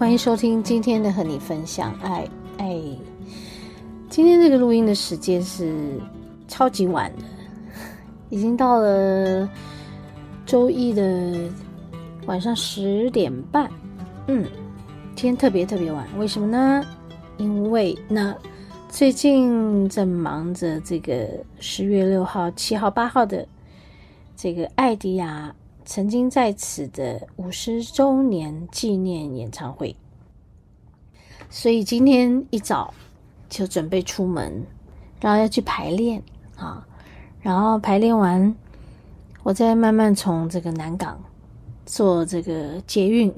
歡迎收聽今天的和你分享愛，哎，今天這個錄音的時間是超級晚的，已經到了週一的晚上十點半。嗯，今天特別特別晚，為什麼呢？因為那最近正忙着這個十月六號、七號、八號的這個愛迪亞。曾經在此的五十周年紀念演唱會，所以今天一早就準備出門，然後要去排練啊，然後排練完，我再慢慢從這個南港坐這個捷運，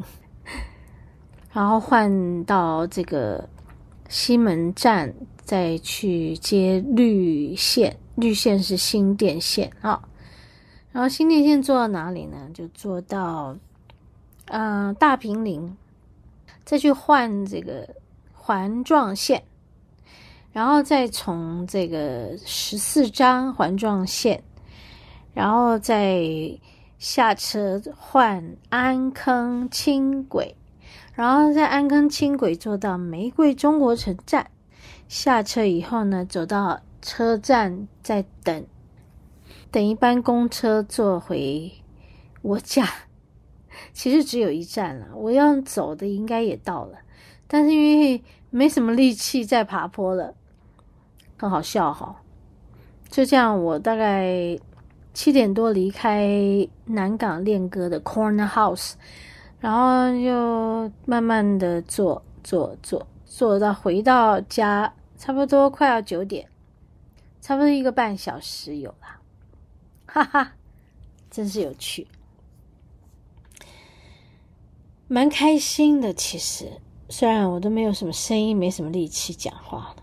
然後換到這個西門站，再去接綠線，綠線是新店線啊。然後新店線坐到哪裡呢？就坐到，嗯、呃，大坪林，再去換這個環狀線，然後再從這個十四張環狀線，然後再下車換安坑輕軌，然後在安坑輕軌坐到玫瑰中國城站，下車以後呢，走到車站再等。等一班公車坐回我家，其實只有一站了。我要走的應該也到了，但是因為沒什麼力氣再爬坡了，很好笑哈、哦！就這樣，我大概七點多離開南港練歌的 Corner House，然後就慢慢的坐坐坐坐到回到家，差不多快要九點，差不多一個半小時有啦。哈哈，真是有趣，蠻開心的。其實，雖然我都沒有什麼聲音，沒什麼力氣講話了，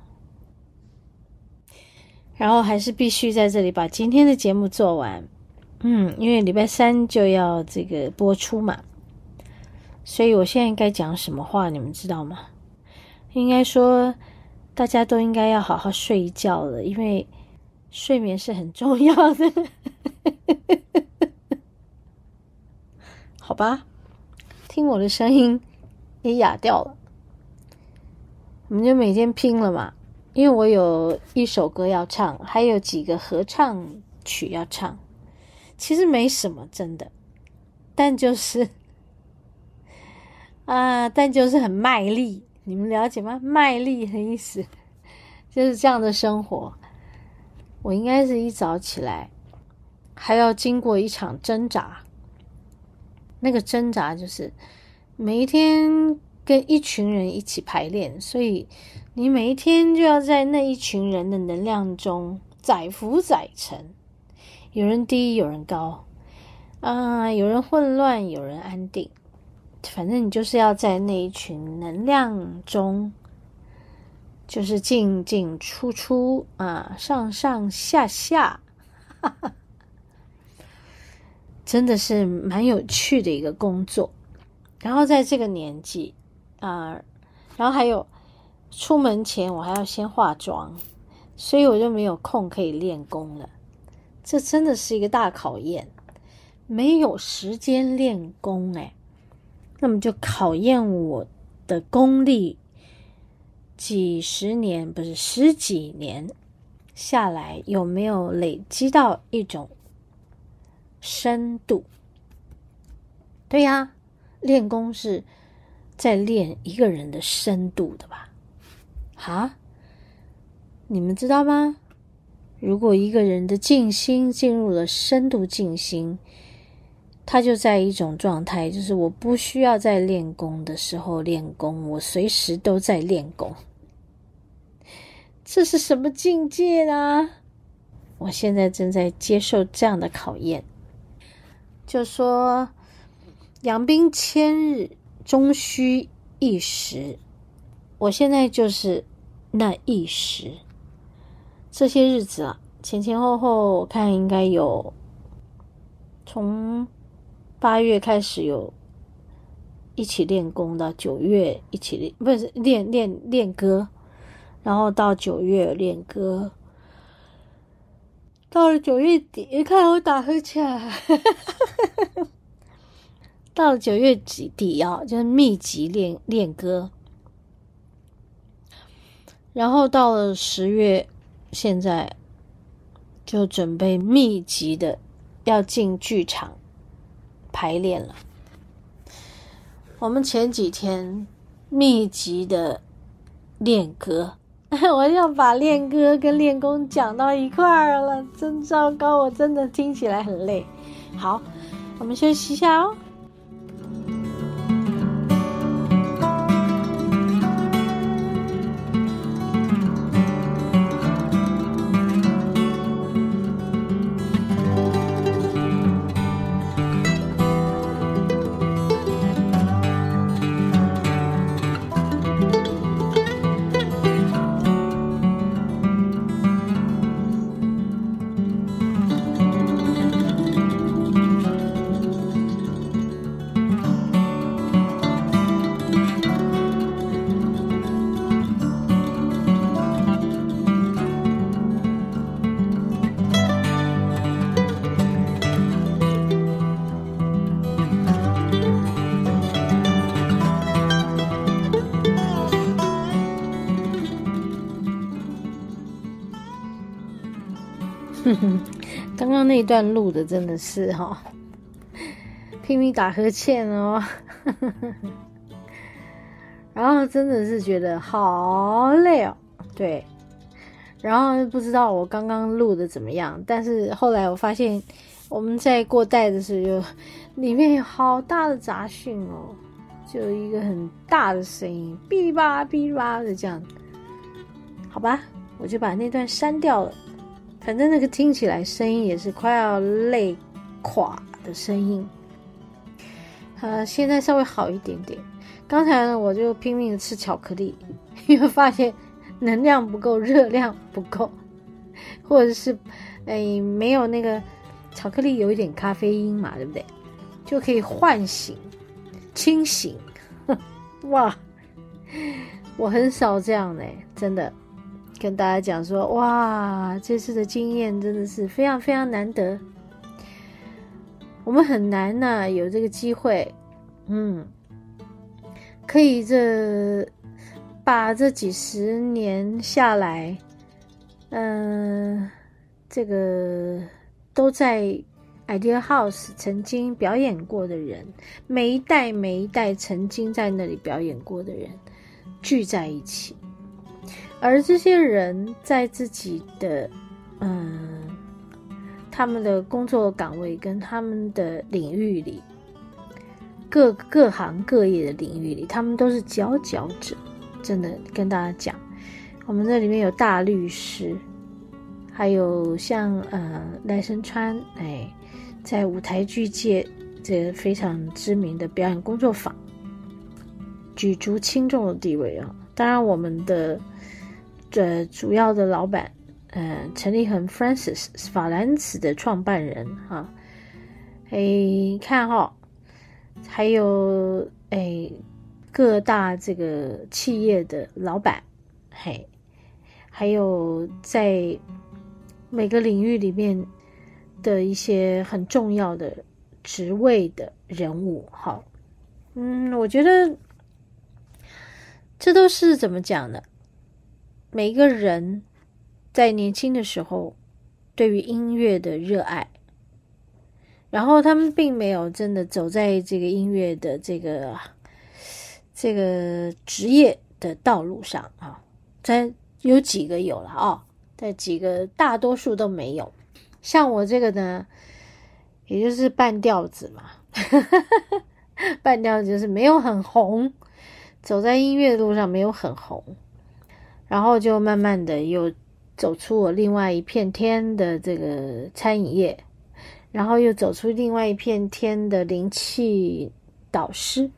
然後還是必須在這裡把今天的節目做完。嗯，因為禮拜三就要這個播出嘛，所以我現在該講什麼話，你們知道嗎？應該說，大家都應該要好好睡一覺了，因為，睡眠是很重要的， 好吧，聽我的聲音也啞掉了，我們就每天拼了嘛。因為我有一首歌要唱，還有幾個合唱曲要唱，其實沒什麼，真的。但就是啊、呃，但就是很賣力，你們了解嗎？賣力的意思就是這樣的生活。我應該是一早起來，還要經過一場掙扎。那個掙扎就是每一天跟一群人一起排練，所以你每一天就要在那一群人的能量中載浮載沉。有人低，有人高，啊、呃，有人混亂，有人安定。反正你就是要在那一群能量中。就是進進出出啊，上上下下，哈哈，真的是蠻有趣的一個工作。然後在這個年紀啊，然後還有出門前我還要先化妝，所以我就沒有空可以練功了。這真的是一個大考驗，沒有時間練功欸，那麼就考驗我的功力。幾十年不是十幾年下來有沒有累積到一種深度？對呀，練功是在練一個人的深度的吧？哈，你們知道嗎？如果一個人的靜心進入了深度靜心，他就在一種狀態，就是我不需要在練功的時候練功，我隨時都在練功。這是什麼境界呢？我現在正在接受這樣的考驗。就說養兵千日，終須一時。我現在就是那一時。這些日子啊，前前後後我看應該有從。八月開始有一起練功的，九月一起練不是練練練歌，然後到九月練歌，到了九月底，一看我打呵欠， 到了九月底底啊，就是密集練練歌，然後到了十月，現在就準備密集的要進劇場。排練了，我們前幾天密集的練歌， 我要把練歌跟練功講到一塊兒了，真糟糕，我真的聽起來很累。好，我們休息一下哦。剛剛 那一段錄的真的是哈， 拼命打呵欠哦， 然後真的是覺得好累哦，對，然後不知道我剛剛錄的怎麼樣，但是後來我發現我們在過帶的時候，裡面有好大的雜訊哦，就一個很大的聲音，嗶啦嗶啦的這樣，好吧，我就把那段刪掉了。反正那個聽起來聲音也是快要累垮的聲音，呃，現在稍微好一點點。剛才呢，我就拼命的吃巧克力，因為發現能量不夠，熱量不夠，或者是哎、呃、沒有那個巧克力有一點咖啡因嘛，對不對？就可以喚醒、清醒。哼，哇，我很少這樣的、欸，真的。跟大家講說，哇，這次的經驗真的是非常非常難得，我們很難呢、啊、有這個機會，嗯，可以這把這幾十年下來，嗯、呃，這個都在 Idea House 曾經表演過的人，每一代每一代曾經在那裡表演過的人，聚在一起。而這些人在自己的，嗯，他們的工作崗位跟他們的領域裡，各各行各業的領域裡，他們都是佼佼者。真的跟大家講，我們這裡面有大律師，還有像呃賴聲川，哎，在舞台劇界這非常知名的表演工作坊，舉足輕重的地位啊、哦。當然，我們的。這、呃、主要的老闆，嗯、呃，陳立恆 （Francis） 法蘭茨的創辦人哈，誒、啊哎、看哈、哦，還有誒、哎、各大這個企業的老闆，嘿、哎，還有在每個領域裡面的一些很重要的職位的人物哈、啊，嗯，我覺得這都是怎麼講呢？每一個人在年輕的時候對於音樂的熱愛，然後他們並沒有真的走在這個音樂的這個這個職業的道路上啊、哦。在有幾個有了哦，在幾個大多數都沒有。像我這個呢，也就是半吊子嘛， 半吊子就是沒有很紅，走在音樂路上沒有很紅。然後就慢慢的又走出我另外一片天的這個餐飲業，然後又走出另外一片天的靈氣導師，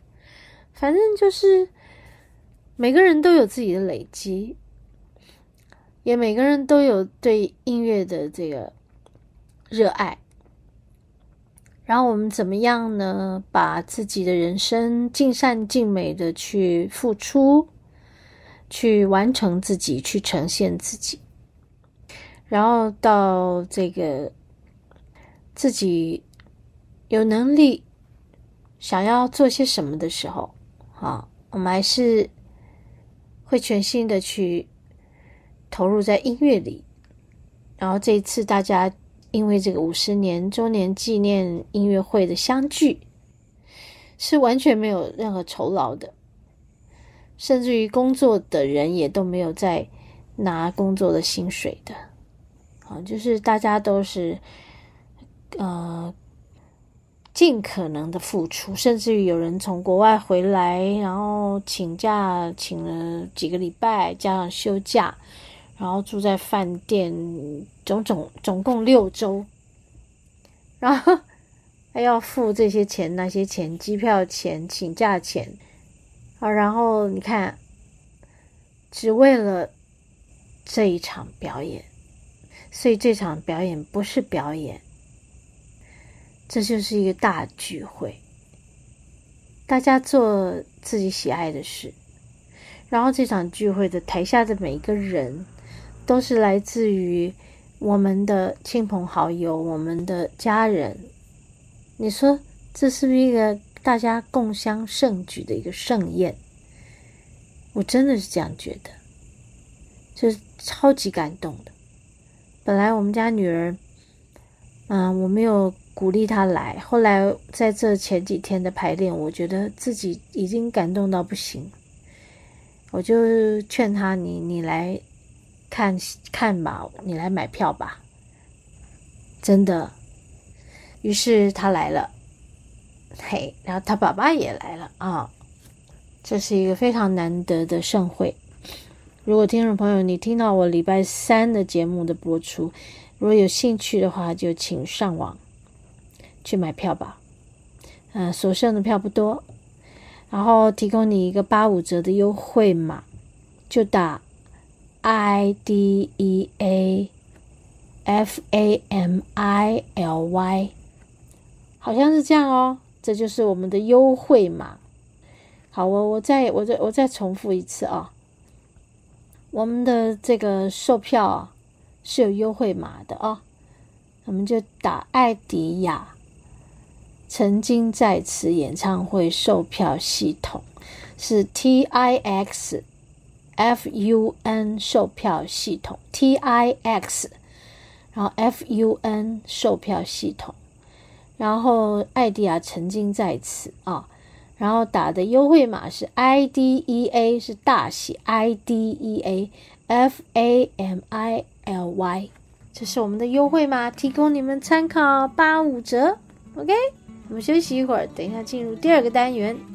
反正就是每個人都有自己的累積，也每個人都有對音樂的這個熱愛。然後我們怎麼樣呢？把自己的人生盡善盡美的去付出。去完成自己，去呈現自己，然後到這個自己有能力想要做些什麼的時候，啊，我們還是會全心的去投入在音樂裡。然後這一次，大家因為這個五十年週年紀念音樂會的相聚，是完全沒有任何酬勞的。甚至於工作的人也都沒有在拿工作的薪水的，啊，就是大家都是呃盡可能的付出，甚至於有人從國外回來，然後請假請了幾個禮拜，加上休假，然後住在飯店，總總總共六周，然後還要付這些錢、那些錢、機票錢、請假錢。然後你看，只為了這一場表演，所以這場表演不是表演，這就是一個大聚會，大家做自己喜愛的事。然後這場聚會的台下的每一個人，都是來自於我們的親朋好友、我們的家人。你說這是不是一個？大家共襄盛舉的一個盛宴，我真的是這樣覺得，就是超級感動的。本來我們家女兒，嗯，我沒有鼓勵她來。後來在這前幾天的排練，我覺得自己已經感動到不行，我就勸她：“你你來看看吧，你來買票吧。”真的，於是她來了。嘿，然後他爸爸也來了啊，哦！這是一個非常難得的盛會。如果聽眾朋友你聽到我禮拜三的節目的播出，如果有興趣的話，就請上網去買票吧。呃，所剩的票不多，然後提供你一個八五折的優惠碼，就打 I D E A F A M I L Y，好像是這樣哦。這就是我們的優惠碼。好，我我再我再我再重複一次啊。我們的這個售票啊是有優惠碼的啊，我們就打“艾迪亞”曾經在此演唱會售票系統是 TIXFUN 售票系統 TIX，然後 FUN 售票系統。然後，艾迪亞曾經在此啊、哦，然後打的優惠碼是 I D E A，是大寫 I D E A，F A M I L Y，這是我們的優惠碼，提供你們參考，八五折。OK，我們休息一會兒，等一下進入第二個單元。